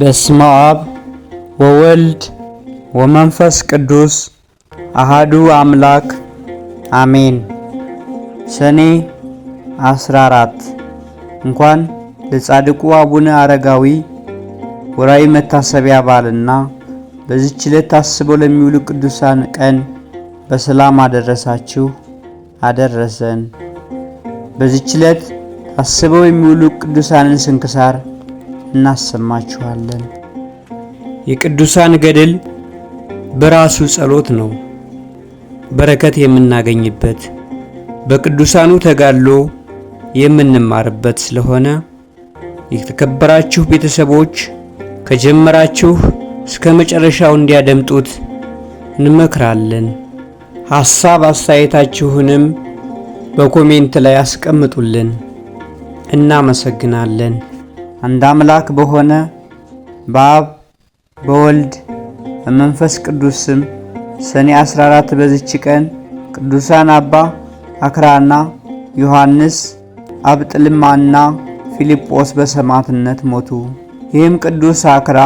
በስመ አብ ወወልድ ወመንፈስ ቅዱስ አሃዱ አምላክ አሜን። ሰኔ 14 እንኳን ለጻድቁ አቡነ አረጋዊ ወራዊ መታሰቢያ በዓልና በዚች ዕለት ታስበው ለሚውሉ ቅዱሳን ቀን በሰላም አደረሳችሁ አደረሰን። በዚች ዕለት ታስበው የሚውሉ ቅዱሳንን ስንክሳር እናሰማችኋለን። የቅዱሳን ገድል በራሱ ጸሎት ነው። በረከት የምናገኝበት በቅዱሳኑ ተጋድሎ የምንማርበት ስለሆነ የተከበራችሁ ቤተሰቦች ከጀመራችሁ እስከ መጨረሻው እንዲያደምጡት እንመክራለን። ሐሳብ አስተያየታችሁንም በኮሜንት ላይ አስቀምጡልን። እናመሰግናለን። አንድ አምላክ በሆነ በአብ በወልድ በመንፈስ ቅዱስ ስም ሰኔ 14 በዚች ቀን ቅዱሳን አባ አክራና ዮሐንስ አብጥልማና ፊልጶስ በሰማዕትነት ሞቱ። ይህም ቅዱስ አክራ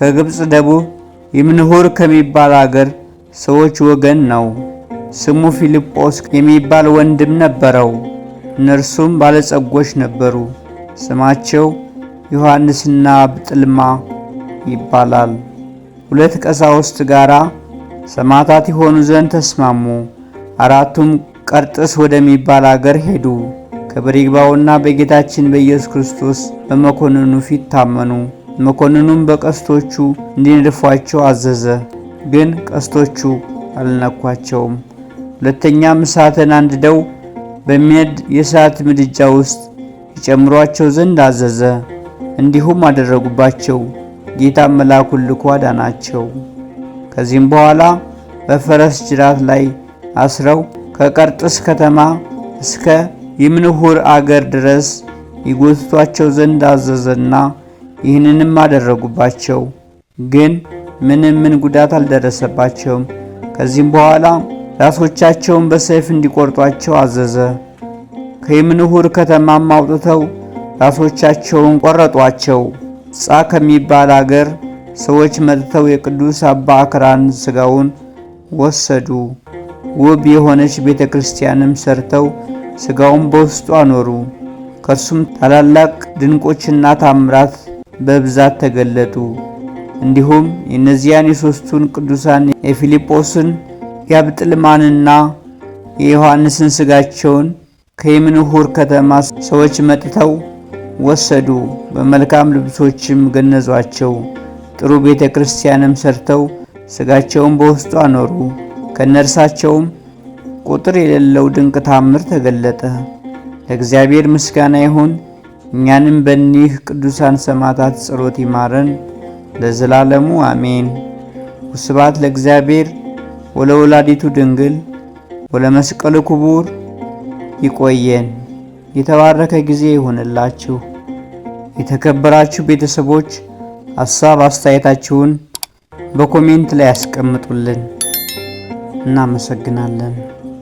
ከግብፅ ደቡብ ይምንሁር ከሚባል አገር ሰዎች ወገን ነው። ስሙ ፊልጶስ የሚባል ወንድም ነበረው። እነርሱም ባለጸጎች ነበሩ። ስማቸው ዮሐንስና ብጥልማ ይባላል። ሁለት ቀሳውስት ጋራ ሰማዕታት ይሆኑ ዘንድ ተስማሙ። አራቱም ቀርጥስ ወደሚባል አገር ሄዱ። ክብር ይግባውና በጌታችን በኢየሱስ ክርስቶስ በመኮንኑ ፊት ታመኑ። መኮንኑም በቀስቶቹ እንዲነድፏቸው አዘዘ። ግን ቀስቶቹ አልነኳቸውም። ሁለተኛም እሳትን አንድደው በሚነድ የእሳት ምድጃ ውስጥ ይጨምሯቸው ዘንድ አዘዘ። እንዲሁም አደረጉባቸው። ጌታም መልአኩን ልኮ አዳናቸው። ከዚህም በኋላ በፈረስ ጅራት ላይ አስረው ከቀርጥስ ከተማ እስከ የምንሁር አገር ድረስ ይጎትቷቸው ዘንድ አዘዘና ይህንንም አደረጉባቸው። ግን ምንም ምን ጉዳት አልደረሰባቸውም። ከዚህም በኋላ ራሶቻቸውን በሰይፍ እንዲቆርጧቸው አዘዘ። ከይምንሁር ከተማም አውጥተው ራሶቻቸውን ቆረጧቸው። ጻ ከሚባል አገር ሰዎች መጥተው የቅዱስ አባ አክራን ሥጋውን ወሰዱ። ውብ የሆነች ቤተ ክርስቲያንም ሰርተው ሥጋውን በውስጡ አኖሩ። ከእርሱም ታላላቅ ድንቆችና ታምራት በብዛት ተገለጡ። እንዲሁም የእነዚያን የሦስቱን ቅዱሳን የፊልጶስን የአብጥልማንና የዮሐንስን ሥጋቸውን ከየምንሁር ከተማ ሰዎች መጥተው ወሰዱ፣ በመልካም ልብሶችም ገነዟቸው። ጥሩ ቤተ ክርስቲያንም ሰርተው ሥጋቸውን በውስጡ አኖሩ። ከነርሳቸውም ቁጥር የሌለው ድንቅ ታምር ተገለጠ። ለእግዚአብሔር ምስጋና ይሁን። እኛንም በኒህ ቅዱሳን ሰማዕታት ጸሎት ይማረን ለዘላለሙ አሜን። ውስባት ለእግዚአብሔር ወለወላዲቱ ድንግል ወለመስቀሉ ክቡር። ይቆየን። የተባረከ ጊዜ ይሆንላችሁ። የተከበራችሁ ቤተሰቦች አሳብ አስተያየታችሁን በኮሜንት ላይ ያስቀምጡልን። እናመሰግናለን።